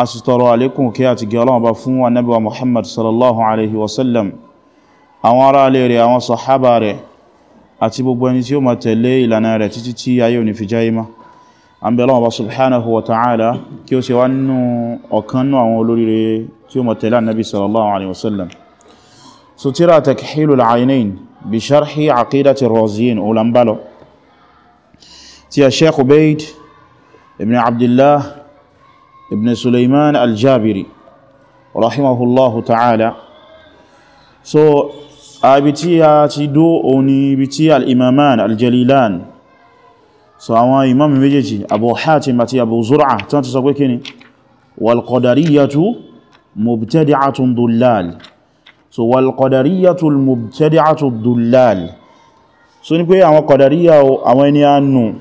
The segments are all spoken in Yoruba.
a sì tọrọ àlékún kí a ti gẹ ọlọ́wọ́ bá fún Ànábì wa Muhammad sallallahu alaihi wasallam àwọn ará alẹ́ rẹ̀ àwọn sọ̀hábà rẹ̀ àti gbogbo ẹni tí ó ma tẹ̀lé ìlànà rẹ̀ títí tí ayé òní fi jáyé má an bẹ̀ lọ́wọ́ bá subhanahu wa ta'ala kí ó ṣe wá nínú ọ̀kan nínú àwọn olóríire tí ó ma tẹ̀lé Ànábì sallallahu alaihi wasallam so tírà takhilul aynain bi sharhi aqidati ar-raziyin ulambalo tí a sheikh ubaid ibn abdullah ibn Sulaiman al-Jabiri rahimahullahu ta'ala so abi tí a ti dó òní ibi tí al-imaman so àwọn imam méjèèjì Abu Hatim àti Abu Zur'a tán ti sọ pé kíni mubtadi'atun dullal so wal-qadariyatu mubtadi'atu dullal so ní pé àwọn qadariya àwọn ẹni ànú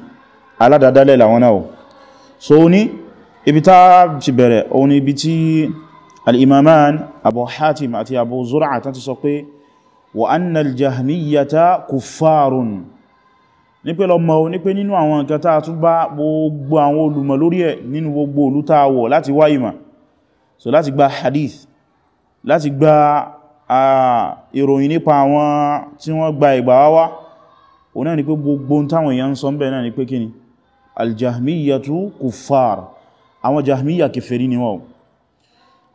aládàdálẹ̀ làwọn náà so ní ibi tá ti bẹ̀rẹ̀ òun ibi tí al'imaman abu hatim àti abu zura'a tán ti sọ pé wa annal jahmiyyata kuffarun ní pé lọ mọ̀ ní pé nínú àwọn nǹkan tá bá gbogbo àwọn olùmọ̀ lórí ẹ̀ nínú gbogbo olútàwọ̀ láti wá so láti gba hadith láti gba ìròyìn nípa àwọn tí wọ́n gba ìgbà wáwá o náà ni pé gbogbo táwọn èèyàn sọ ń náà ni pé kíni aljahmiyyatu kuffar àwọn jahmiya kèfèrí ni wọ́n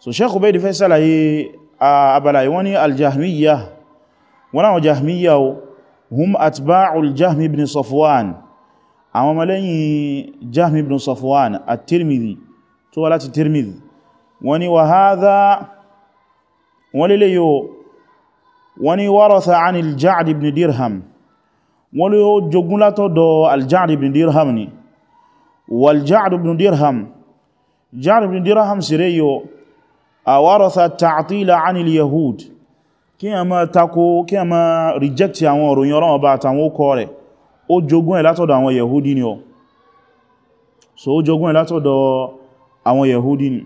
so Sheikh Ubaid fẹ́ sálàyé abala wọ́n ni aljahmiya wọ́n àwọn jahmiya o hum atba'ul jahmi ibn Safwan àwọn malẹ́yìn jahmi ibn Safwan at-Tirmidhi tó wá láti Tirmidhi wọ́n ni wa hadha wọ́n lè yóò wọ́n ni waratha an al-Ja'd ibn Dirham wọ́n lè yóò jogun látọ̀dọ̀ al ibn Dirham ni wal-Ja'd ibn Dirham Jar ibn Dirham sire yo awaratha ta'tila anil yahud kí a ma tako kí a ma reject àwọn òròyìn ọ̀rọ̀ ọba àtàwọn okọ rẹ̀ ó jogún ẹ̀ látọ̀dọ̀ àwọn yahudi ni ọ so ó jogún ẹ̀ látọ̀dọ̀ àwọn yahudi ni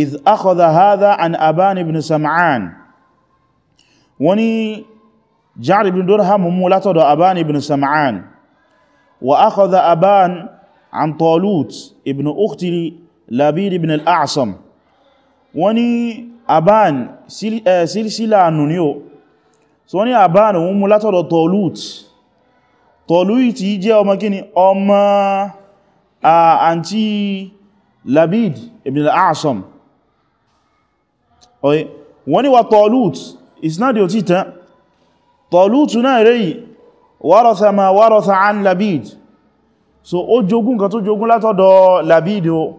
idh akhadha hadha an aban ibn sam'an wọ́n ni Jar ibn Dirham mú látọ̀dọ̀ aban ibn sam'an wa akhadha aban عن طالوت ابن أختي لبيد بن الأعصم وني أبان سلسلة نونيو سوني أبان ومولاتر طالوت طالوت يجي أما كني أما أنتي لبيد ابن الأعصم أي وني وطالوت إسناد يوتيتا طالوت ناري ورث ما ورث عن لبيد so ó jogún kan tó jogún látọ́dọ̀ labido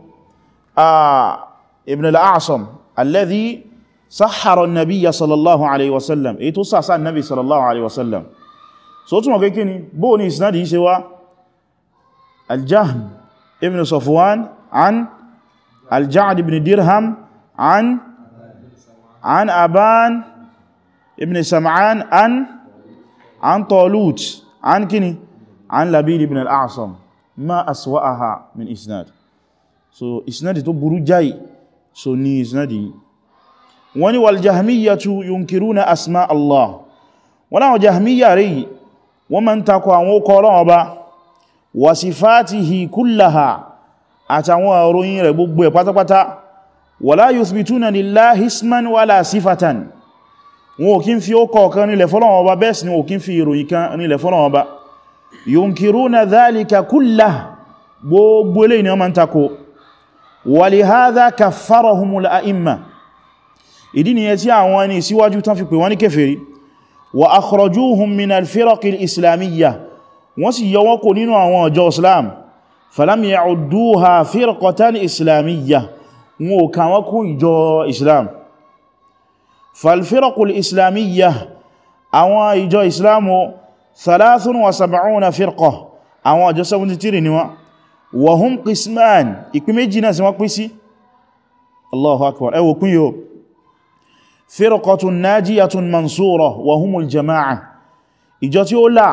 ah, ibn al-asam alladhi sahara an-nabiyya sallallahu alaihi wasallam èyí tó sàsá annabi sallallahu alaihi wasallam so túnmọ̀ kéèké ni bó ní isnadi ṣe wá al-jahm ibn safwan an al-ja'd ibn dirham an an aban ibn sam'an an an talut an kini an labid ibn al ma aswa'aha min isnad so isnad tó burú jáì so ní isnad yìí wọ́n ní wal jahmiyyatu yunkiruna asma Allah wọ́n láwọn jahmiyya rí wọ́n ma ń takọ àwọn okọ̀ ọlọ́wọ́ ba wa sifatihi kullaha àtàwọn àròyìn rẹ̀ gbogbo ẹ̀ pátápátá wala yuthbituna lillahi isman wala sifatan wọn ò fi ó nílẹ̀ fọ́lọ́wọ́ ba bẹ́ẹ̀ ni ò fi ìròyìn kan nílẹ̀ fọ́lọ́wọ́ ba yunkiruna dhalika kullah gbogbo ilé ni wọ́n ma ń tako walihadha kaffarahumul a'imma ìdí ni yẹ tí àwọn ẹni síwájú tán fi pè wọ́n ní kèfèrí wa akhrajuhum min al-firaqil islamiyya wọ́n sì yọ wọ́n kò nínú àwọn ọjọ́ islam falam ya'udduha firqatan islamiyya wọn ò kà wọ́n ìjọ islam falfiraqul islamiyya àwọn ìjọ islam salasun wa sab'una firqa àwọn ọjọ́ 73 ni wọ́n wa hum qisman ìpín méjì náà sí wọ́n pín sí allahu akbar ẹwọ kún yóò firqatun najiyatun mansura wa humul jama'a ìjọ tí ó là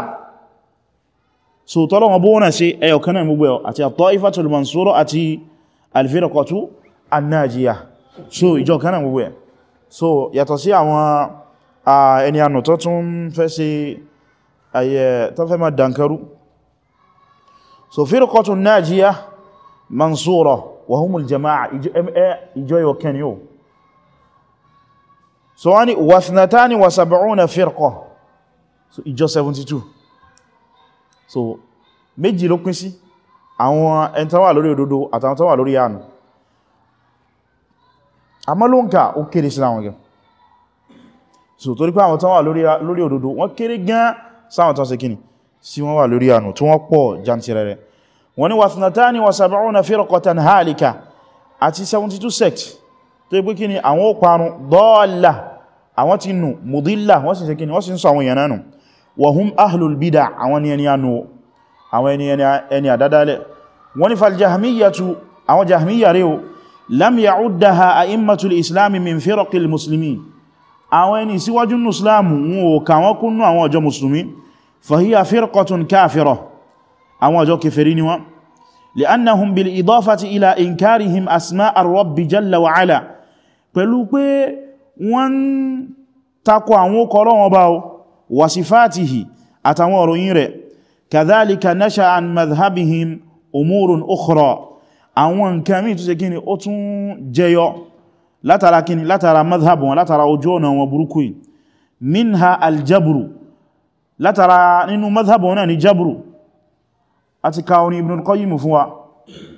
so tọ́lọ̀ wọn bóòna sí ẹyọ kan náà gbogbo àti at-ta'ifatul mansura àti al-firqatu an-najiya so ìjọ kan náà gbogbo so yàtọ̀ sí àwọn ẹni ànà tó tún fẹ́ sí ayẹ tán fẹ́ ma dankaru so firqatun najiyah mansura wa humul jama'a ìjọ yóò kẹni yóò so wọ́n ni wasnatani wa sab'una firqa so ìjọ 72 so méjì ló pín sí àwọn ẹni tán wà lórí òdodo àtàwọn tán wà lórí àánú àmọ́ ló ó kéré sí àwọn gẹn so torí àwọn tán lórí òdodo wọ́n kéré gan-an sáwọn tán ṣe kíni sí wọ́n wà lórí ànù tí wọ́n pọ̀ jantirẹrẹ wọ́n ni wàtàtàní wà sàbàrún na firqatan halika àti 72 sect tó yí pé kíni àwọn ó parun dọ́ọ̀lá àwọn ti nù mudilla wọ́n sì ṣe kíni wọ́n sì ń sọ àwọn èèyàn nù wahum ahlul bida àwọn ni ẹni ànù àwọn ẹni wọn ò kà wọ́n kúnnú àwọn ọjọ́ musulmi فهي فرقة كافرة أما جو كفرين وان لأنهم بالإضافة إلى إنكارهم أسماء الرب جل وعلا pẹ̀lú pé wọ́n takọ àwọn ọkọ̀rọ̀ wọn báwọ́ wasifatihi àtàwọn ọ̀rọ̀yìn rẹ̀ kàdálíkà náṣà an mazhabihim umurun ukhra àwọn nǹkan mí tó ṣe kíni ó tún jẹyọ látara kíni látara mazhab wọn látara ojú ọ̀nà wọn burúkú minha aljabru látara nínú mazhabu náà ni jabru àti ka orin Ibnul Qayyim fún wa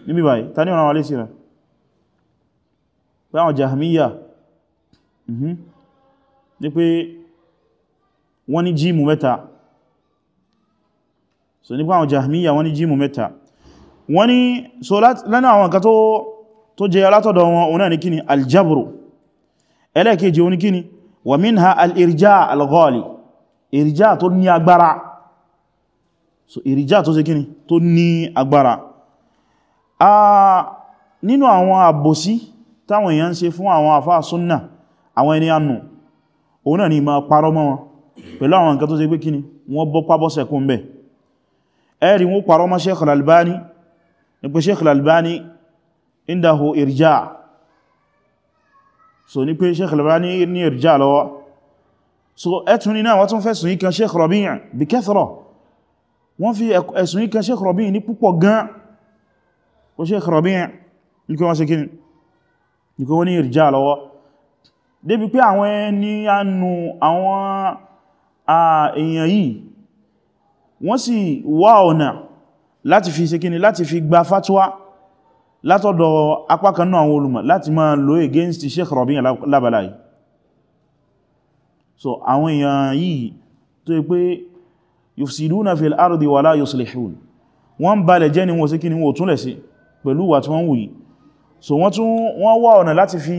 níbi báyìí ta ní ọ̀nà wọlé sí rẹ̀ pé àwọn jahmiya mhm. ní pé wọ́n ní jíìmù mẹ́ta so nípa àwọn jahmiya wọ́n ní jíìmù mẹ́ta wọ́n ní so lẹ́nà àwọn nǹkan tó jẹ alátọ̀dọ̀ wọn òun náà ní kíni al-irja' ìrìjá tó ní agbára so ìrìjá tó ṣe kíni tó ní agbára a nínú àwọn àbòsí táwọn èèyàn ń ṣe fún àwọn àfáà súnnà àwọn ẹni ànù òun náà ni ma parọ́ mọ́ wọn pẹ̀lú àwọn nǹkan tó ṣe pé kíni wọ́n bọ́ pábọ́sẹ̀ kún bẹ̀ ẹ̀rì wọ́n parọ́ mọ́ Sheikh ní pé Sheikh so ní pé Sheikh Al-Albani so ẹtùn nínú àwọn tó ń fẹ̀sùn yìí kan Sheikh Rabi' bí kẹ́sọ̀rọ̀ wọ́n fi ẹ̀sùn yìí kan Sheikh Rabi' ní púpọ̀ gan o Sheikh Rabi' ní kí wọ́n ṣe kíni ní kí wọ́n ní ìrìjá lọ́wọ́ débi pé àwọn ẹni anù àwọn èèyàn yìí wọ́n sì wá ọ̀nà láti fi ṣe kíni láti fi gba fatwa látọ̀dọ̀ apákanú olùmọ̀ láti máa lo against Sheikh Rabi' lábàláyìí so àwọn èèyàn yìí tó yí pé yufsiduna fil ardi wala yuslihun wọ́n balẹ̀ jẹ́ ni wọ́n sí kí ni wọ́n túnlẹ̀ sí pẹ̀lú wà tí wọ́n wù yìí so wọ́n tún wọ́n wá ọ̀nà láti fi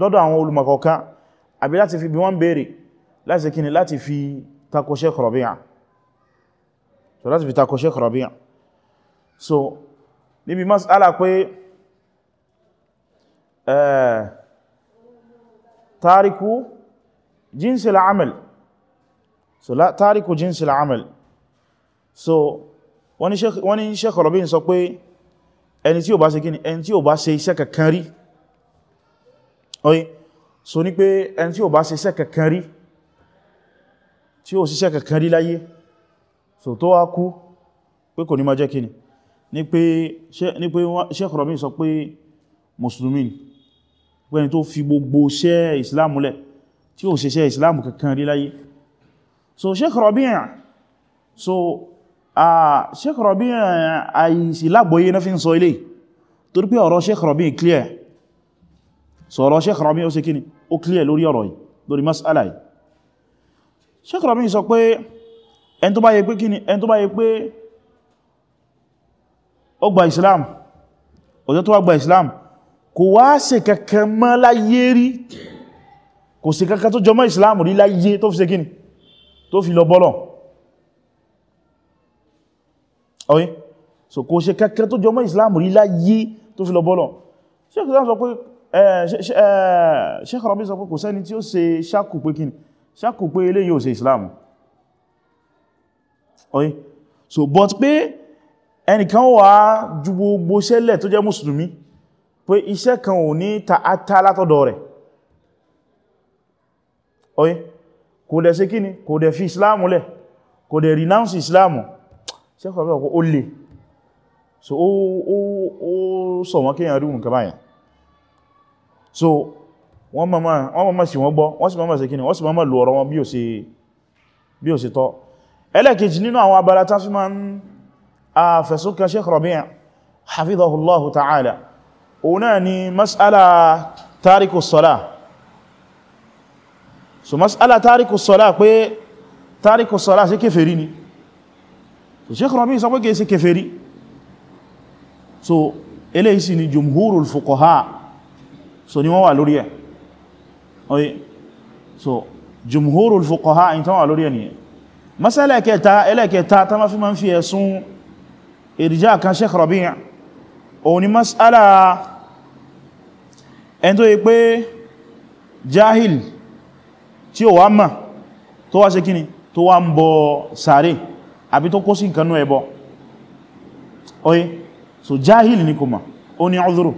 dọ́dọ̀ àwọn olùmọ̀kọ̀ọ̀ká àbí láti fi bí wọ́n béèrè láti so láti fi tako Sheikh Rabi'a جنس العمل، so la tariku jinsi al'amal so wani Sheikh Rabi' sọ pé ẹni tí ó bá ṣe kíni ẹni tí ó bá ṣe iṣẹ́ kankan rí oye so ní pé ẹni tí ó bá ṣe iṣẹ́ kankan rí tí ó ṣiṣẹ́ kankan rí láyé so tó wá kú pé kò ní máa jẹ́ kíni ní pé Sheikh Rabi' sọ pé mùsùlùmí ni pé ẹni tó fi gbogbo iṣẹ́ Islam lẹ̀ tí ó ṣe ṣe ìsìláàmù kankan rí láyé so Sheikh Rabi' so a Sheikh Rabi' àìsí lágbóyé na fi ń sọ ilé torí pé ọ̀rọ̀ Sheikh so ọ̀rọ̀ Sheikh Rabi' ó ṣe kíni ó clear lórí ọ̀rọ̀ yìí lórí mas'ala yìí Sheikh Rabi' sọ pé ẹn tó bá yẹ pé kíni ẹn tó bá yẹ pé kò wá ṣe kẹkẹ mọ́ láyé rí kò sí kankan tó jọmọ́ ìsìláàmù rí láyé tó fi ṣe kíni tó fi lọ bọ́lọ̀ ọ̀yí so kò ṣe kankan tó jọmọ́ ìsìláàmù rí láyé tó fi lọ bọ́lọ̀ eh, eh, Sheikh Rabi sọ pé kò sẹ́ni tí ó ṣe ṣákù pé kíni ṣákù pé eléyìí ò ṣe ìsìláàmù ọ̀yí so but pé ẹnìkan wà ju gbogbo ṣẹlẹ̀ tó jẹ́ mùsùlùmí pé iṣẹ́ kan ò ní ta'ata látọ̀dọ̀ rẹ̀ oye kò dẹ̀ ṣe kíni kò dẹ̀ fi islamu lẹ̀ kò dẹ̀ renounce islamu ṣe kọ̀ pẹ̀lú o lè so ó sọ wọn kíyàn rí nǹkan báyẹn so wọ́n mọ́mọ́ sí wọ́n gbọ́ wọ́n sì mọ́mọ́ sí kíni wọ́n sì mọ́mọ́ lò ọ̀rọ̀ wọn bí ó ṣe tọ́ ẹlẹ́kejì nínú àwọn abala tán fi máa ń àfẹ̀sùn kan Sheikh Rabi' hafidhahullahu ta'ala òun náà ni mas'ala tariku salah so mas'ala tariku sola pé tariku sola ṣe kèfèrí ni so Sheikh Rabi sọ pé kìí ṣe so eléyìí sì ni jumhurul fuqaha so ni wọ́n wà lórí ẹ̀ oye so jumhurul fuqaha in tán wà lórí ẹ̀ nìyẹn mas'ala kẹta ẹlẹ́kẹta ta ma fi ma ń fi ẹ̀sùn ìrìjá kan Sheikh Rabi òun ni mas'ala ẹni tó yí pé jahil tí ó wá mọ̀ tó wá ṣe kíni tó wá ń bọ sàárè àbí tó kó sí nǹkanú ẹbọ oye so jahil ni kò mọ̀ ó ní udhuru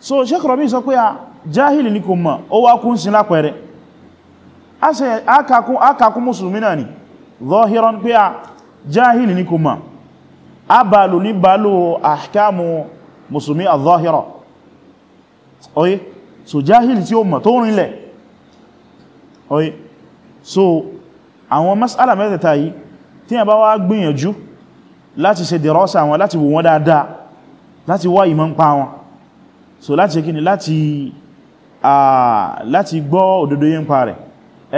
so Sheikh Rabi sọ pé a jahil ni kò mọ̀ ó wá kún sí lápẹẹrẹ akakún musulmi náà ni zahiran pé a jahil ni kò mọ̀ a balo ní balo ahkamu musulmi a zahira oye so jahil tí ó mọ̀ tó rinlẹ̀ oye so àwọn masala mẹ́tẹ̀ta yìí tí a bá wá gbìyànjú láti ṣe dẹ̀rọ́sà wọn láti wò wọ́n dáadáa láti wá ìmọ̀ ń pa wọn so láti ṣe kíni láti láti gbọ́ òdodo yẹn pa rẹ̀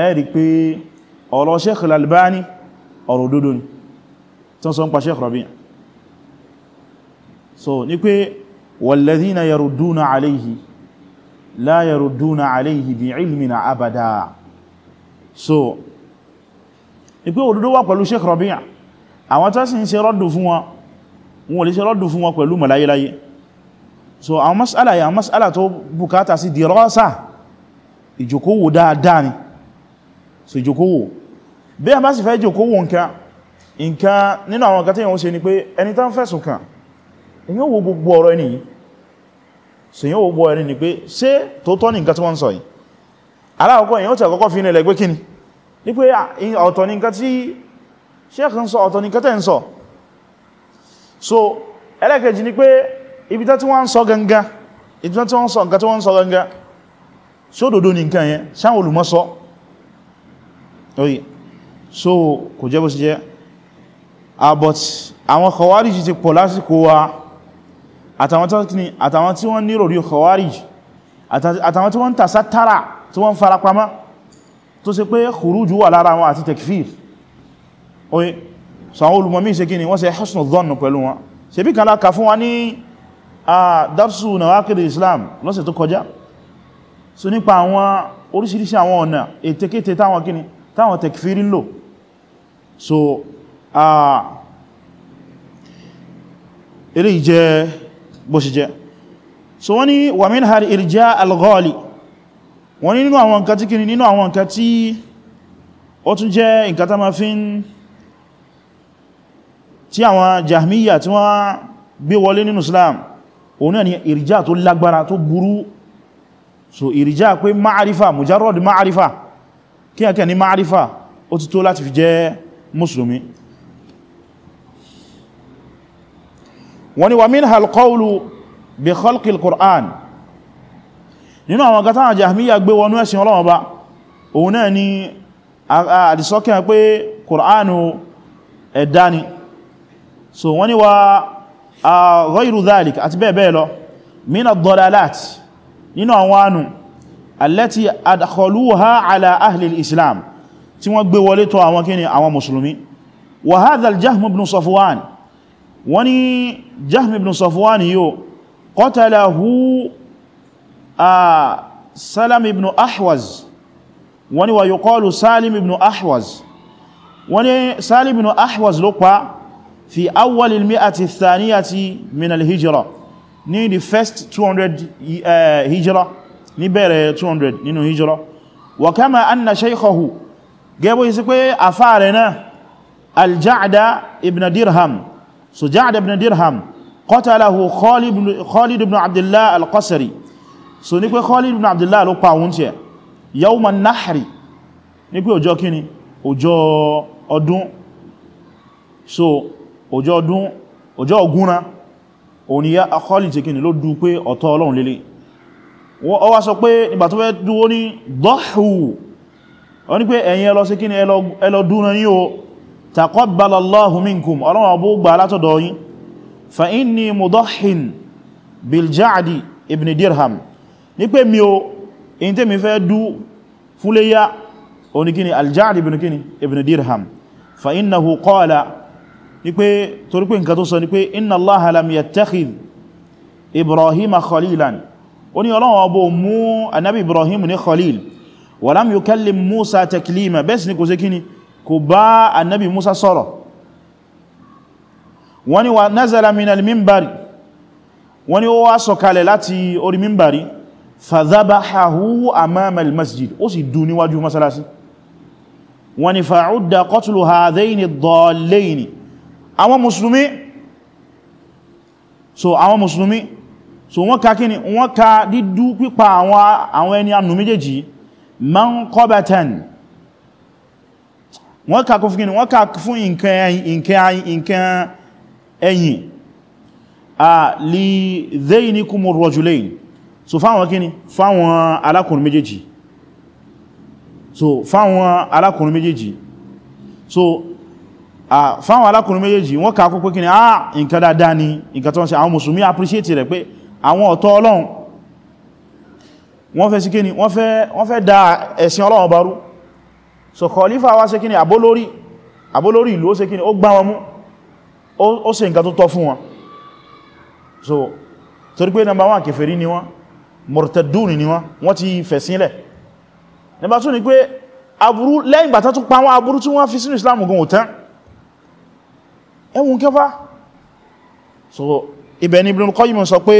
ẹ rí pé ọ̀rọ̀ Sheikh al ọ̀rọ̀ òdodo ni tán sọ ń pa Sheikh Rabi' so ní pé walladhina yarudduna alayhi la yarudduna alayhi bi ilmina abada so ìpé òdodo wà pẹ̀lú Sheikh Rabi'a àwọn tó sì ń ṣe rọ́dù fún wọn wọn lè ṣe rọ́dù fún wọn pẹ̀lú mọ̀láyéláyé so àwọn mas'ala yà mas'ala tó bukata sí dirasa ìjòkówò dáadáa ni so ìjòkówò bí a bá sì fẹ́ ìjòkówò nǹkan nǹkan nínú àwọn nǹkan tí yàn ó ṣe ni pé ẹni tán fẹ̀sùn kàn èyàn wo gbogbo ọ̀rọ̀ ẹni yìí so èyàn wo gbogbo ẹni ni pé ṣé tó tọ́ ní nǹkan tí wọ́n ń sọ yìí aláwọ̀kọ́ èyàn tí àkọ́kọ́ fi ní ẹlẹ́gbẹ́ kíni ní pé ah, ọ̀tọ̀ ní nǹkan tí sheikh ń sọ ọ̀tọ̀ ní nǹkan ń sọ so ẹlẹ́kẹ̀ẹ́jì ni pé ibi tí wọ́n ń sọ gangan ibi tí wọ́n ń sọ nǹkan tí wọ́n ń sọ gangan sí òdòdó ní nǹkan yẹn sáwọn olùmọ́sọ ah, àtàwọn tí wọ́n níròrí khawariji àtàwọn tí wọ́n ń tàsátara tí wọ́n farapamá tó ṣe pé khuruju wà lára wọn àti tekfir oye so àwọn olùmọ̀mí ṣe gini wọ́n ṣe husnul dhann pẹ̀lú wọn ṣe bí kàlá ka fún wa ní a darsu nawaqidil islam lọ́sẹ̀ tó kọjá so nípa àwọn oríṣiríṣi àwọn ọ̀nà ètekéte táwọn gini táwọn tekfir ń lò so a eré ìjẹ bó ṣe jẹ so wọ́n ni wa irja al-ghali wọ́n ní nínú àwọn nǹkan tí kìíní nínú àwọn nǹkan tí ó tún jẹ́ nǹkan tá ma fi ń tí àwọn jahmiya tí wọ́n gbé wọlé nínú islam òun náà ni ìrìjá tó lágbára tó burú so ìrìjá pé ma'arifa mujarrad ma'arifa kí ẹ̀kẹ́ ma'arifa ó ti tó láti fi jẹ́ mùsùlùmí wọ́n ni wa minha al-qawlu khalqi al-Qur'an nínú àwọn kan táwọn jahmiya gbé wọnú ẹ̀sìn Ọlọ́run Ọba òun náà ni àdìsọ́kẹ́ pé kùránù ẹ̀dá ni so wọ́n ni wa ghayru dhalik àti bẹ́ẹ̀ bẹ́ẹ̀ lọ mina dalalat nínú àwọn anu allati adkhaluha ala ahli al-islam tí wọ́n gbé wọlé tọ̀ àwọn kíni àwọn mùsùlùmí wa hadha al Ah, salam ibn ahwaz wọ́n ni wà yóò kọlu salim ibn ahwaz wọ́n ni salim ibn ahwaz ló pa fi awwalil mi'ati thaniyati min al ní the first 200 uh, eh, hijra ní bẹ̀rẹ̀ 200 nínú hijra wa kama anna shaykhahu gẹ́bọ́ yìí sí pé àfáàrẹ̀ náà al-ja'da ibn dirham so ja'da ibn dirham qatalahu khalid ibn abdullah al-qasri so ní pé Khalid ibn Abdullah ló pa òun tí ẹ̀ yawma nahri ní pé ọjọ́ kíni ọjọ́ ọdún so ọjọ́ ọdún ọjọ́ ọgúnra òun ni ya Khalid tí kíni ló dú pé ọ̀tọ̀ Ọlọ́run lélẹ̀ ó wá sọ pé nígbà tó fẹ́ dúó ní dọ́hù ó ní pé ẹ̀yin ẹ lọ kíni ẹ lọ ní o taqabbalallahu minkum Ọlọ́run ọbọ̀ gbà látọ̀dọ̀ yín fa inni mudahhin bilja'di ibn dirham ní pé mi o in tí mi fẹ́ dú fúléyá oníkíni al-Ja'd ibn dirham fa innahu qala ní pé torí pé nǹkan tó sọ ní pé inna allaha lam yattakhidh ibrahima khalilan ó ní ọlọ́wọ́ bó mú anábi ibrahim ní khalil wa lam yukallim musa taklima bẹ́ẹ̀ sì ni kò sí kíni kò bá anábi musa sọ̀rọ̀ wọ́n wa nazala min al-mimbari wọ́n ni ó wá sọ̀kalẹ̀ mimbari fàzábáháhú àmàmà masjid ó sì dú níwájú masalasi wọ́n ni fa'udda qatlu hadhaini ad-dallaini àwọn musulmi so àwọn musulmi so wọ́n ka kíni wọ́n ka dídú pípa àwọn ẹni ànù méjèèjì manqabatan wọ́n ka kún fún kíni wọ́n ka fún nǹkan ẹ̀yìn ah, li dhainikumur rajulain so fáwọn kíni fáwọn alákùnrin méjèèjì so fáwọn alákùnrin méjèèjì so fáwọn alákùnrin méjèèjì wọ́n kà kún kíni ah nǹkan dáadáa ni nǹkan tó ń ṣe àwọn mùsùlùmí appreciate rẹ̀ pé àwọn ọ̀tọ̀ ọlọ́run wọ́n fẹ́ sí kíni wọ́n fẹ́ dá ẹ̀sìn ọlọ́run barú so kọlífà wá sí kíni àbólórí àbólórí ìlú ó sí kíni ó gbá wọn mú ó ṣe nǹkan tó tọ́ fún wọn so torí pé number one kèfèrí ni wọ́n mọ̀rọ̀tẹ̀dùn ni wọ́n wọ́n ti fẹ̀sílẹ̀ nígbà tún ni pé aburú lẹ́yìn bàtà tún pa wọn aburú tí wọ́n fi sínú islam gan òtán ẹwùn kẹfà so ibẹ̀ ni Ibnul Qayyim sọ pé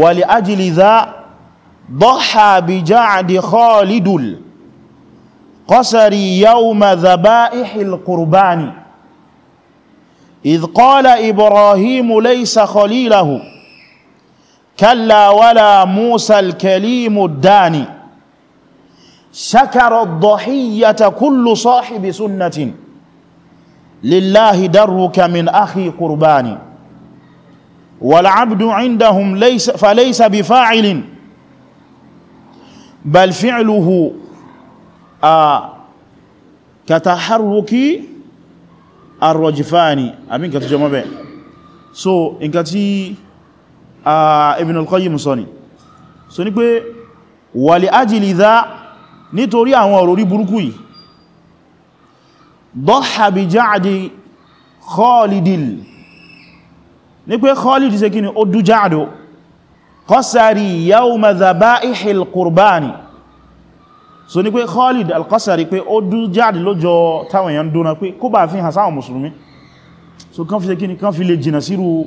wàlì ajìlìzá ضحى بجعد خالد القصري يوم ذبائح القربان إذ قال إبراهيم ليس خليله كلا ولا موسى الكليم الداني شكر الضحية كل صاحب سنة لله درك من أخي قربان والعبد عندهم ليس فليس بفاعل بل فعله آه كتحرك الرجفان أمين كتجمع بي so nkan tí Ah, Ibn al-Qayyim sọ ni so ní pé wa li ajli dha nítorí àwọn ọ̀rọ̀ orí burúkú yìí dọ́ha bi jáàdì Khalidil ní pé Khalid ṣe kí ni ó dú jáàdì qasari yawma dhaba'ihil qurbani so ní pé Khalid al-Qasari pé ó dú jáàdì lọ́jọ́ táwọn èèyàn dúnà pé kó bá fi hàn sáwọn mùsùlùmí so kan fi ṣe kí kan fi lè jìnà sírù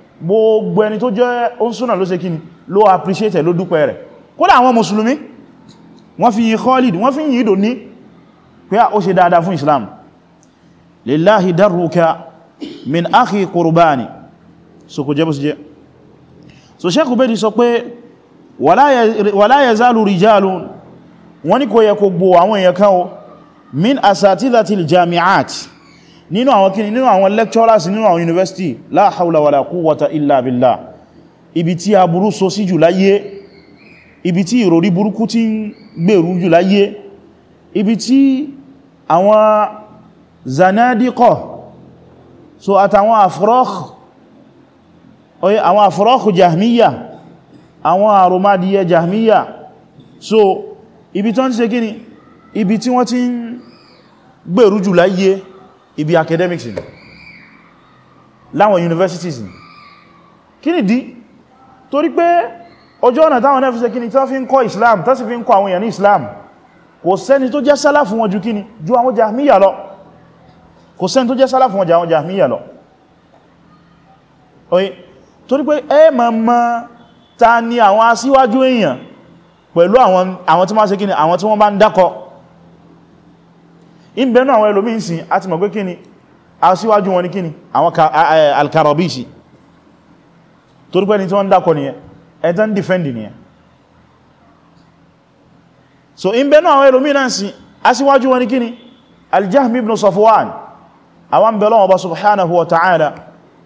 gbogbo ẹni tó jẹ́ oúnsùnà ló ṣe kí ni ló appreciate ló dúpẹ́ rẹ̀ kódà àwọn mùsùlùmí wọ́n fi yí Khalid wọ́n fi yí ìdò ní pé ah, ó ṣe dáadáa fún Islam lillahi darruka min akhi qurbani so kò jẹ́ bó sì jẹ́ so Sheikh Ubaidi sọ pé wala yazalu rijalun wọ́n ní kò yẹ kò gbò àwọn èèyàn kan o min asatidatil jami'at nínú àwọn kíni nínú àwọn lecturers nínú àwọn university la hawla wala quwwata illa billah ibi tí aburú so sí jù láyé ibi tí ìròrí burúkú ti ń gbèrú jù láyé ibi tí àwọn zanadiqo so àtàwọn afrọ́k oye àwọn afrọ́k jahmiya àwọn àrùmádìyẹ jahmiya so ibi tí wọ́n ti ṣe kíni ibi tí wọ́n ti ń gbèrú jù láyé ibi academics ni láwọn universities ni kí ni dí torí pé ọjọ́ ọ̀nà táwọn náà fi ṣe kí ni tí fi ń kọ́ Islam tó sì fi ń kọ́ àwọn èèyàn ní Islam kò sẹ́ni tó jẹ́ sálà fún wọn ju kí ni ju àwọn jahmiya lọ kò sẹ́ni tó jẹ́ sálà fún wọn ju àwọn jahmiya lọ oye torí pé ẹ ma ma ta ni àwọn asíwájú èèyàn pẹ̀lú àwọn tí wọ́n àwọn tí wọ́n bá ń dákọ̀ọ́ in bẹnu àwọn ẹlòmí ìsìn a ti mọ̀ pé kíni aṣíwájú wọn ni kíni àwọn alkarabisi torí pé ni tí wọ́n dákọ̀ ni ẹ tán dìfẹ́ndì ni so in bẹnu àwọn ẹlòmí náà sí aṣíwájú wọn ni kíni aljahmi ibn safwan àwọn bẹ̀rẹ̀ ọba subhanahu wa ta'ala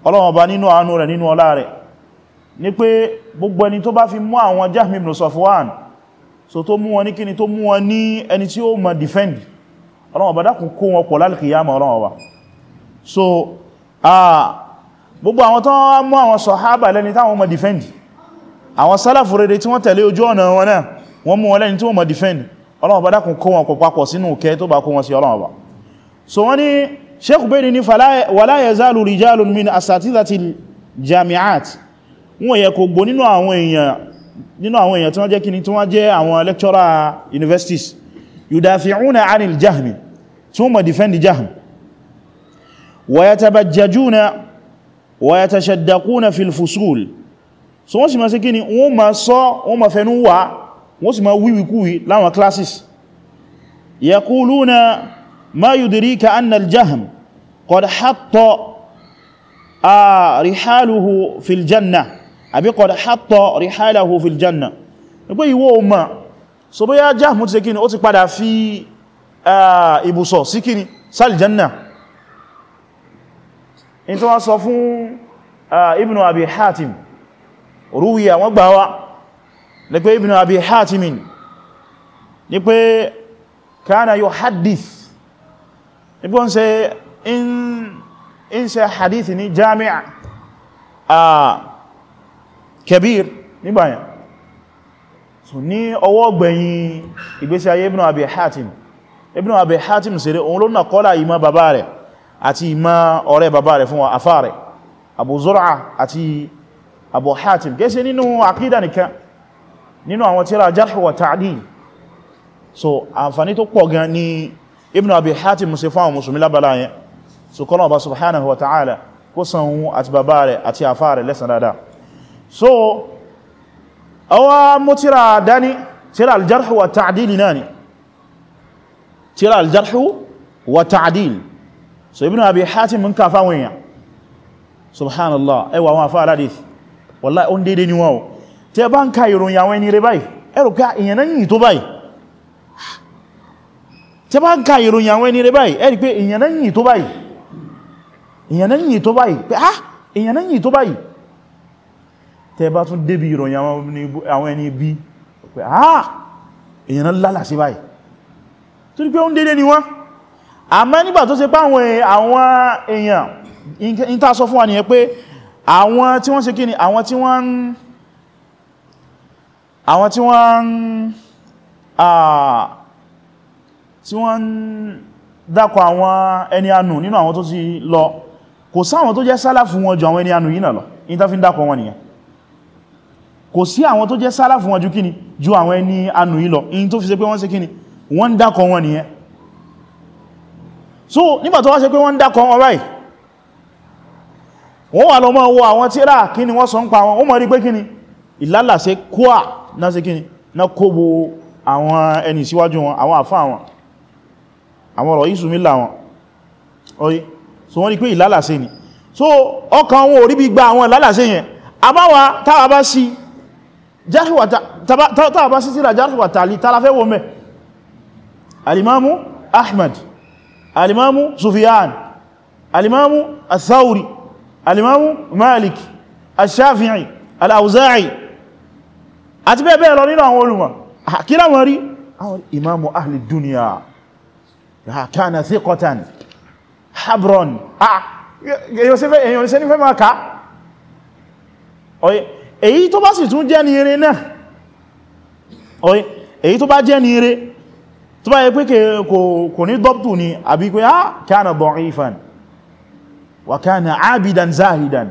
ọlọ́wọ́ ba nínú àánú rẹ̀ nínú ọlá rẹ̀ ni pé gbogbo ẹni tó bá fi mú àwọn jahmi ibn safwan so tó mú wọn ní kíni tó mú wọn ní ẹni tí ó ma dìfẹ́ndì ọlọ́wọ̀n bá dákùn kó wọn pọ̀ lálìkìyàmọ̀ ọlọ́wọ̀n wa so gbogbo àwọn tó wọ́n mú àwọn sọ̀hábà lẹ́ni táwọn mọ̀ dìfẹ́ndì àwọn sálàfù rere tí wọ́n tẹ̀lé ojú ọ̀nà wọn náà wọ́n mú wọn lẹ́ni tí wọ́n mọ̀ dìfẹ́ndì so wọ́n ni sheikh bẹ́ni ni wala yazalu rijalun min asatidati jami'at wọ́n yẹ kò gbó nínú àwọn èèyàn universities yudafi'una anil jahmi tí wọ́n mọ̀ defend Jahm wa yatabajjajuna wa yatashaddaquna fil fusul so wọ́n sì máa ṣe kí ni wọ́n máa sọ wọ́n máa fẹnu wà wọ́n sì máa wíwíkúwí láwọn classes yaquluna ma yudrika anna al-jahm qad hatta a rihaluhu fil janna àbí qad hatta rihalahu fil janna nígbé ìwọ o ma so bóyá Jahm ti ṣe kí ni ó ti padà fi Ah, ibùsọ̀ síkiri sálìjánà in tó wá sọ fún ah, ibn abi hatim ruwiya wọ́n gbà wá ní pé ibn abi hatimin ní pé kana yuhaddith ní pé wọ́n ṣe in ṣe hadith ní jami'a a ah, kabir nígbàyàn so ní ọwọ́ gbẹ̀yìn ìgbésí ayé ibn abi hatim Ibn Abi Hatim sere òun ló nàkọ́lá ìmọ̀ bàbá rẹ̀ àti ìmọ̀ ọ̀rẹ́ bàbá rẹ̀ fún wa afá rẹ̀ Abu Zur'a àti Abu Hatim gẹ́sẹ̀ nínú àkídà nìkan nínú àwọn tíra jarh wa ta'dil so àǹfàní tó pọ̀ gan ni Ibn Abi Hatim se fún àwọn musulmi lábàlá yẹn so kọ́nà ọba subhanahu wa ta'ala kó san òun àti bàbá rẹ̀ àti afá rẹ̀ lẹ́san so àwọn mú tíra dání tíra al-jarh wa ta'dil náà tíra aljarhu wa ta'adil so ibn abi hatim mun ka fáwọn èèyàn subhanallah ẹwà wọn afá aládìsí wallahi on dédé ni wọ́n tí ẹ bá ń ka ìròyìn àwọn ẹni rẹ báyìí ẹrùká èèyàn náà yìí tó báyìí tí ẹ bá ń ka ìròyìn pé èèyàn tó báyìí èèyàn bá tún débi ìròyìn àwọn ẹni bí pé ah èèyàn náà lálàsí báyìí tó ní pé ó ń dédé ni wọ́n àmọ́ nígbà tó ṣe páwọn àwọn èèyàn in ta sọ fún wa nìyẹn pé àwọn tí wọ́n ṣe kí ni àwọn tí wọ́n ń àwọn tí wọ́n ń tí wọ́n ń dákọ àwọn ẹni anù nínú àwọn tó ti lọ kò sáwọn tó jẹ́ sálàfù wọn ju àwọn ẹni anù yìí náà lọ in ta fi dákọ wọn nìyẹn kò sí àwọn tó jẹ́ sálàfù wọn ju kíni ju àwọn ẹni anù yìí lọ in tó fi ṣe pé wọ́n ṣe kíni wọ́n dákọ̀ wọn nìyẹn so nígbà tó wá ṣe pé wọ́n dákọ̀ wọn báyìí wọ́n wà lọ mọ́ owó àwọn tírà kí ni wọ́n sọ ń pa wọn ó mọ̀ rí pé kí ni ìlàlàṣe kúà náà sí kí ni na kóbo àwọn ẹni síwájú wọn àwọn àfá wọn àwọn ọ̀rọ̀ yìí sùmílà so wọ́n rí pé ìlàlàṣe ni so ọkàn wọn ò rí bí gba àwọn ìlàlàṣe yẹn àbáwa táwa bá sí tírà járíwà tààlì tààlà fẹ́ wọ́n alimamu ahmad alimamu sufiyan alimamu athauri alimamu malik ashafi'i al'auza'i àti bẹ́ẹ̀ bẹ́ẹ̀ lọ nínú àwọn olùmọ̀ ah, kí láwọn rí àwọn imamu ahli duniya ah, kana thiqatan habron ah, èyàn ṣe ní fẹ́ máa ká èyí tó bá sì tún jẹ́ ní eré náà èyí tó bá jẹ́ ní eré tó bá yẹ pé kò ní dọ́pù ni àbí pé ah kana da'ifan wa kana abidan zahidan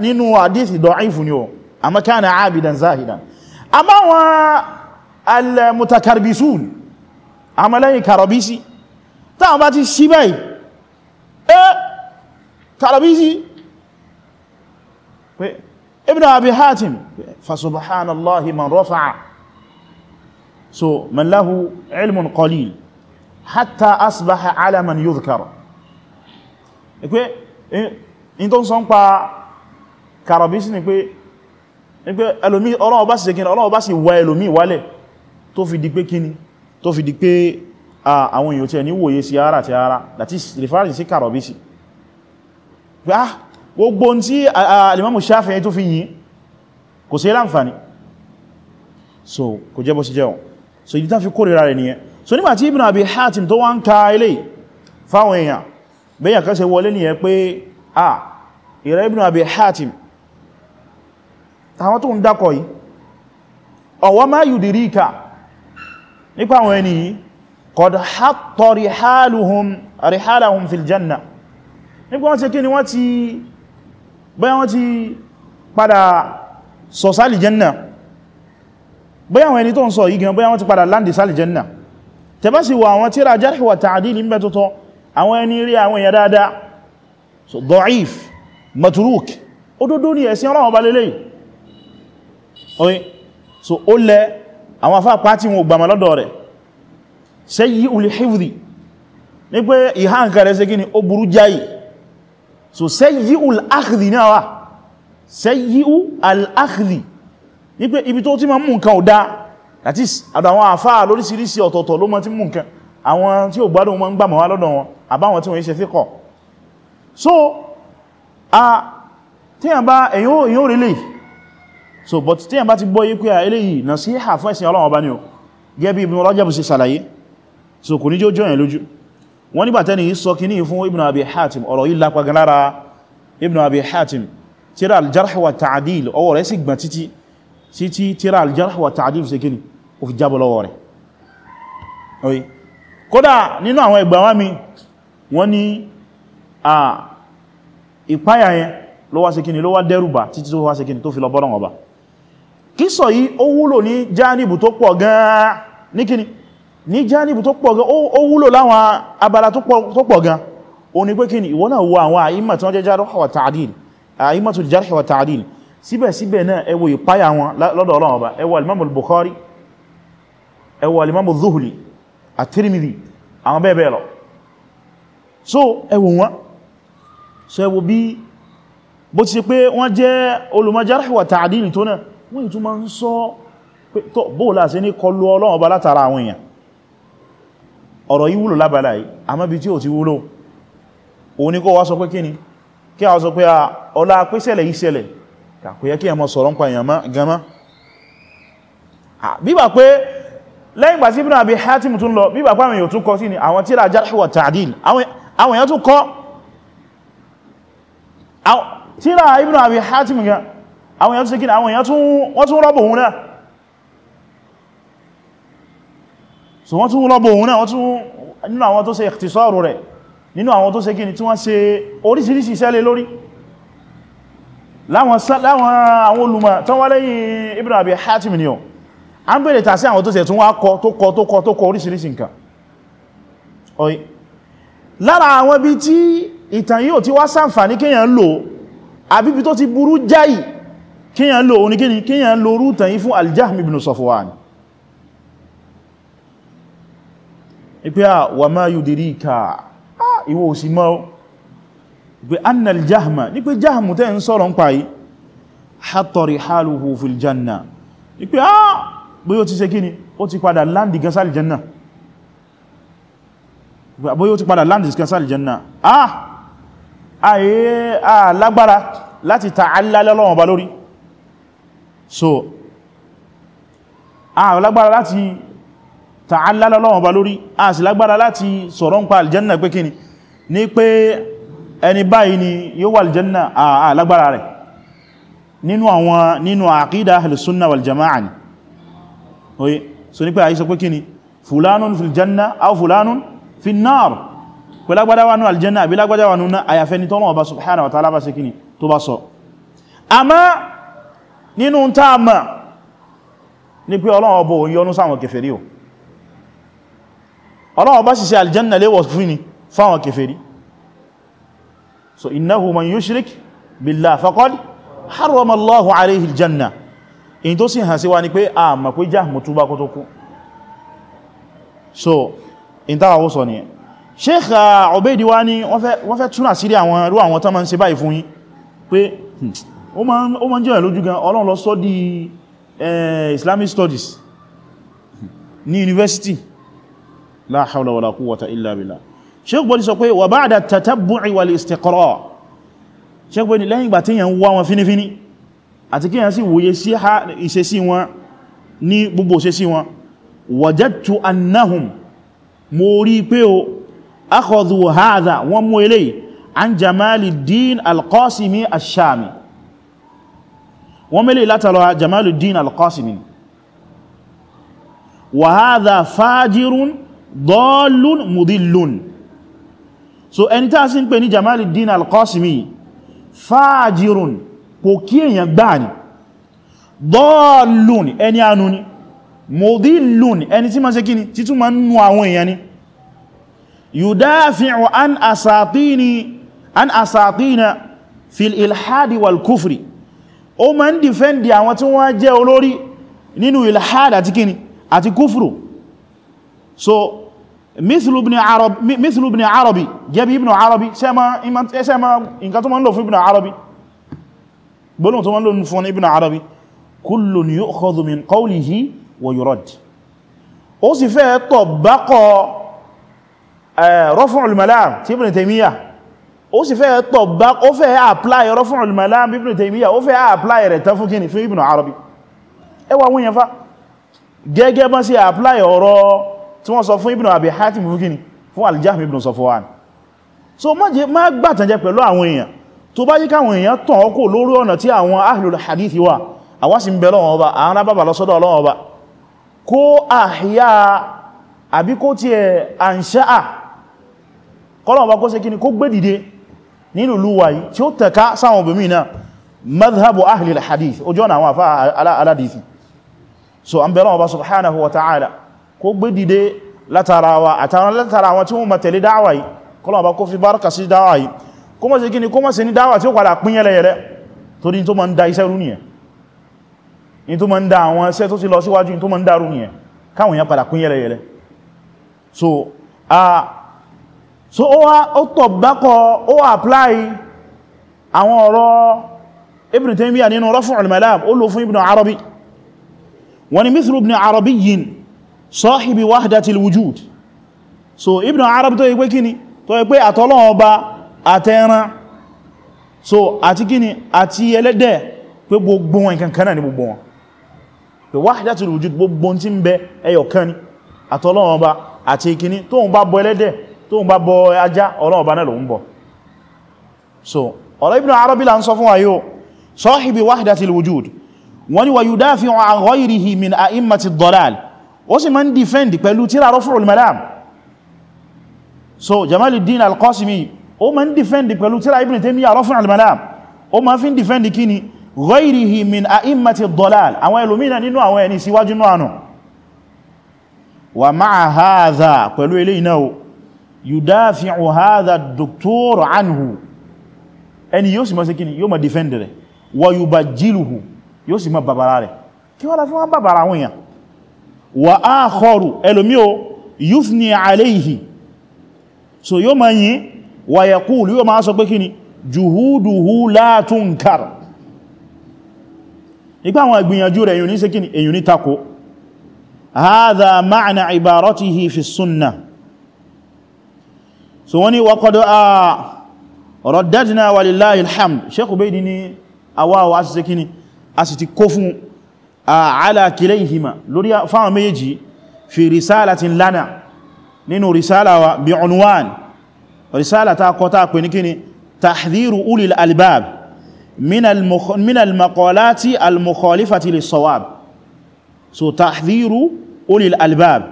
nínú hadisi da'ifu ni o amma kana abidan zahidan amma wọn al-mutakarbisun amma lẹ́yìn karabisi táwọn bá ti ṣí báyìí eh karabisi so man lahu ilmun qalil hatta asbaha ala man yudhkar pé e, in tó ń sọ ń pa karabisi ni pé ẹlòmí ọlọ́wọ́ bá sì ṣe kíni ọlọ́wọ́ bá sì wá ẹlòmí wálẹ̀ tó fi di pé kíni tó fi di pé àwọn èèyàn tí ẹni wòye sí ara ti ara that is referring sí karabisi pé ah gbogbo tí alimamu Shafi'i tó fi yìn kò sí láǹfàní so kò jẹ́ bó sì jẹun so ibi tá fi kórìíra rẹ̀ nìyẹn so nígbàtí Ibn Abi Hatim tó wá ń ka ilé fáwọn èèyàn bẹ́yàn kan ṣe wọlé nìyẹn pé à ìrẹ́ Ibn Abi Hatim àwọn tó ń dákọ̀ yìí ọ̀wọ́ máa yudirika nípa àwọn ẹni yìí qad hatta rihaluhum rihalahum bóyá àwọn ẹni tó ń sọ yìí gan bóyá wọ́n ti padà láǹdì sáàlì jẹ́nà tẹ́bá sì wọ àwọn tíra jarh wa ta'dil ń bẹ tuntun àwọn ẹni rí àwọn èèyàn dáadáa so da'if matruk òdodo ni ẹ̀sìn ọ̀rọ̀ ọba lélẹ̀ oye so ó lẹ àwọn afá pàtí wọn gbàmà lọ́dọ̀ rẹ̀ sayyi'ul hifdhi ní pé ìhá nǹkan rẹ̀ sí gíní ó burú jáyì so sayyi'ul akhdhi náà wà sayyi'ul akhdhi wípé ibi tó ti ma mú nǹkan ò dá that is àwọn àfáà lóríṣiríṣi ọ̀tọ̀ọ̀tọ̀ ló mọ́ ti mú nǹkan àwọn tí ò gbádùn wọn gbàmọ̀ wá lọ́dọ̀ wọn àbáwọn tí wọ́n ṣe fíkọ̀ so a tíyàn bá èyàn ò relé so but tíyàn bá ti gbọ́ yí pé à eléyìí nasiha fún ẹ̀sìn Ọlọ́run ọba ni o gẹ́bí Ibn Rajab ṣe ṣàlàyé so kò ní jó jọyàn lójú wọ́n nígbà tẹ́ni yìí sọ kíní fún Ibn Abi Hatim ọ̀rọ̀ yìí lápagan lára Ibn Abi Hatim tíra al-Jarh ọwọ́ rẹ̀ sì gbọ̀n títí sí tí tíra aljarh wa ta'dil ṣe kíni ó fi jábọ̀ lọ́wọ́ rẹ̀ oye kódà nínú àwọn ẹgbàwá mi wọ́n ní à ìpáyà yẹn ló wá ṣe kíni ló wá dẹ́rùbà títí tó wá ṣe kíni tó fi lọ bọ́rọ̀ ọba kíso yìí ó wúlò ní jánìbù tó pọ̀ gan-an ní kíni ní jánìbù tó pọ̀ gan wọ́n jẹ́ síbẹ̀síbẹ̀ náà ẹ wo ìpáyà wọn lọ́dọ̀ Ọlọ́run Ọba ẹ wo alimamu Bukhari ẹ wo alimamu Zuhli at-Tirmidhi àwọn bẹ́ẹ̀ lọ so ẹ wo wọn so ẹ wo bí bó ti ṣe pé wọ́n jẹ́ olùmọ̀ jarh wa ta'dil tó náà wọ́n ìtún máa ń sọ pé tó bóòlá sí ní kọlu Ọlọ́run Ọba látara àwọn èèyàn ọ̀rọ̀ yí wúlò kò yẹ kí ẹmọ sọ̀rọ̀ ń pa èèyàn gama bíbà pé lẹ́yìn gbà sí Ibn Abi Hatim tún lọ bíbà pàmì yóò tún kọ sí ni àwọn tíra Jarh wa Ta'dil àwọn èèyàn tún kọ tíra Ibn Abi Hatim gan àwọn èèyàn tún kí ni àwọn èèyàn tún rọ́bò òun náà so wọ́n tún rọ́bò òun náà wọ́n tún nínú àwọn tó ṣe ikhtisaru rẹ̀ nínú àwọn tó ṣe kí ni tí wọ́n ṣe oríṣiríṣi iṣẹ́ lé lórí láwọn àwọn olùmọ̀ tán wá lẹ́yìn Ibn Abi Hatim ni ọ a ń bèèrè tà sí àwọn tó sẹ̀ tún wá kọ tó kọ tó kọ tó kọ oríṣìíríṣìí nǹkan ọ̀yí lára àwọn bí tí ìtàn yíò tí wá ṣàǹfààní kíyàn lò àbíbi tó ti burú jáì kíyàn lò oníkíni kíyàn lò rútàn yí fún Al-Jahm ibn Safwan ìpé à wà máa yùdìrí ìkà ìwò òsì máa pé annal jahma ní pé jahmu tẹ́ ń sọ́rọ̀ ń pàáyí hatori haluhu fil janna ní pé ah bí ó ti ṣe kíni ó ti padà láǹdì gansal janna ah, bí ó ti padà láǹdì gansal janna ah ayé ah lágbára láti ta'alla lọ́wọ́n ba lórí so ah lágbára láti ta'alla lọ́wọ́n ba lórí ah sì lágbára láti sọ̀rọ̀ ń pa ẹni báyìí ni yóò wà aljanna alágbára rẹ̀ nínú àwọn nínú àkídà alìsúnnà waljama'a ni oye so ní pé àyíṣẹ́ pé kí ni fulanun fil janna aw fulanun fil nar pé lágbádá wà nínú aljanna àbí lágbádá wà nínú àyàfẹ́ ni tọ́lọ̀ ọba subhanahu wa ta'ala bá ṣe kí ni tó bá sọ àmá nínú ta mà ní pé Ọlọ́run ọba ò yọ́nú so innahu man yushrik billah faqad harrama Allahu alayhi aljanna in tó sì hàn sí wa ni pé a mọ̀ pé já mọ̀ túbá kó tó kú so in tàwà ó sọ uh, ni Sheikh Ubaidi wá ní wọ́n fẹ́ túnà sírí àwọn irú àwọn tán ma ń ṣe báyìí fún yín pé hmm, ó ma ń jẹ́ gan Ọlọ́run ló sọ di eh, Islamic Studies ní university la hawla wala quwwata illa billah sheik bọ́dí sọ pé wà bá àdá tatabbu'i wal istiqra' sheik bọ́dí lẹ́yìn ìgbà tí yẹn wá wọn fínífíní àti kí yẹn sì wòye sí ìṣesí wọn ní gbogbo ìṣesí wọn wajadtu annahum mo rí pé o akhadhu hadha wọn mú eléyìí an jamaluddin al-qasimi ash-shami wọ́n mẹ́lẹ̀ látàrọ jamaluddin al-qasimi wa hadha fajirun dallun mudillun so ẹni tá sí ń pè ní Jamaluddin al-Qasimi fàájírùn kò kí èyàn gbáà ni dọ́ọ̀lùn ẹni anú ni mọ̀dílùn ẹni tí ma ṣe kí ni títún ma nù àwọn èyàn ni yudafi'u an asatini an asatina fil ilhadi wal kufri ó ma ń dìfẹ́ndì àwọn tí wọ́n jẹ́ olórí nínú ilhadi àti kíni àti kúfùrù so مثل ابن عرب مثل ابن عربي جابي ابن عربي سما سما ان كان تمن لو في ابن عربي بلون تمن لو فون ابن عربي كل يؤخذ من قوله ويرد او سي في طبق رفع الملام تي ابن تيميه او سي في طبق او في ابلاي رفع الملام ابن تيميه او في ابلاي رẹ̀ tán fún kíni fún ابن عربي ẹ wá wọn yẹn fa gẹ́gẹ́ bọ́n sí apply ọ̀rọ̀ tí wọ́n sọ fún Ibn Abi Hatim fúkíní fún Al-Jahm ibn Safwan so má jẹ́ má gbàtànjẹ pẹ̀lú àwọn èèyàn tó bá yí káwọn èèyàn tàn ọkọ̀ lórí ọ̀nà tí àwọn ahlul hadith wà àwa sì ń bẹ lọ́wọ́ ọba àwọn arábàbà lọ́sọ́dọ̀ Ọlọ́run ọba kó àhíyá àbí kó ti ẹ̀ àǹṣáà kọ́lọ̀ ọba kó ṣe so an bẹ̀rẹ̀ ọba subhanahu kó gbé dìde látara wa àtàwọn látara wọn tí wọ́n ma tẹ̀lé dáwà yìí kọlọ̀wọ́ bá kó fi bárkà sí dáwà yìí kó mọ́ sí gíní kó mọ́ sí ní dáwà tí ó padà pín yẹlẹyẹlẹ torí tó ma ń tó ma ń da iṣẹ́ tó so a so ó wá ó tọ̀ apply àwọn ọ̀rọ̀ Ibn Taymiyyah nínú Rafu' al-Malam ó lò fún Ibn Arabi wani mithlu Ibn Arabi sọ́hìbí wahdatil wujud so Ibn Arabi tó yí pé kíni tó yí pé àtọ́lọ́wọ́ ọba àtẹ́ran so àti kíni àti ẹlẹ́dẹ̀ pé gbogbo wọn ìkankan náà ni gbogbo wọn pé wahdatil wujud gbogbo tí ń bẹ ẹyọ kan ni àtọ́lọ́wọ́ ọba àti ìkíní tó ń bá bọ so ọ̀rọ̀ Ibn Arabi là ń sọ fún wa yóò sọ́hìbí wahdatil wujud wọ́n ni wa yudafi'u an ghayrihi min ó sì máa ń defend pẹ̀lú tíra Raf'ul Malam so Jamaluddin al-Qasimi ó máa ń defend pẹ̀lú tíra Ibn Taymiyyah Raf'ul Malam ó máa fi ń defend kíni ghayrihi min a'immati dalal àwọn ẹlòmínà nínú àwọn ẹni síwájú náà nù wa ma'a hadha pẹ̀lú ilé iná o yudafi'u hadha doktor anhu ẹni yóò sì máa ṣe kíni yóò máa defend rẹ̀ wa yubajjiluhu yóò sì máa bàbàrà rẹ̀ kí wọ́n la fi wọ́n bàbàrà àwọn èèyàn wà áàkọrù ẹlòmí o yúfni aléìhì so yóò ma yí wà yaqulu yóò ma sọ pé kí ni juhuduhu la tunkar nípa àwọn ìgbìyànjú rẹ̀ èyàn ní ṣe kí ni èyàn ní tako hadha ma'na ibaratihi fi sunna so wani wa qad a raddadna walillahi alhamd sheikh ubaydi ni awawa a sì ṣe kí ni ala kilayhima lórí fáwọn méjì fi risalatin lana nínú risala wa bi unwan risala ta kọta pè ní kíni tahdhiru ulil albab min al-maqalati al so tahdhiru ulil albab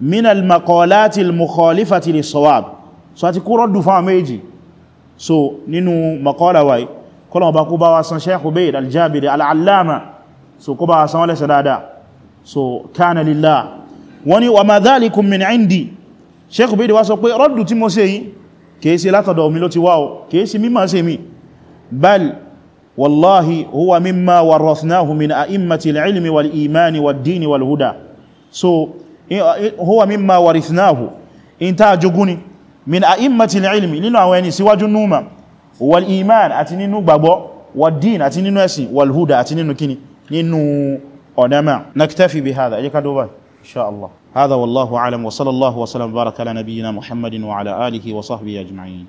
min al-maqalati al-mukhalifati lis-sawab so àti kúrò dù fáwọn méjì so nínú maqala wa kọlọ̀ ọba kú bá wa san Shaykh Ubayd al-Jabiri al-Allama al al so kó bá san lẹ́sẹ̀ dáadáa so kana lillah wọ́n ni wa ma dhalikum min indi sheikh bidi wá sọ pé rọ́dù tí mo ṣe yìí kèése látọ̀dọ̀ mi ló ti wá o kèése mímọ̀ ṣe mi bal wallahi huwa mimma warrathnahu min a'immati ilmi wal-imani wad-dini wal-huda so huwa mimma warithnahu in ta joguni min a'immati al-ilmi nínú àwọn ẹni síwájú numa wal-iman àti nínú gbàgbọ́ wad-din àti nínú ẹ̀sìn wal-huda àti nínú kini nínú ọ̀nàmà naktafi bí hádà ẹjẹ́ kádọ́ báyìí insha Allah hádà wallahu alam wa sallallahu wa sallam baraka ala nabiyyina muhammadin wa ala alihi wa sahbihi ajma'in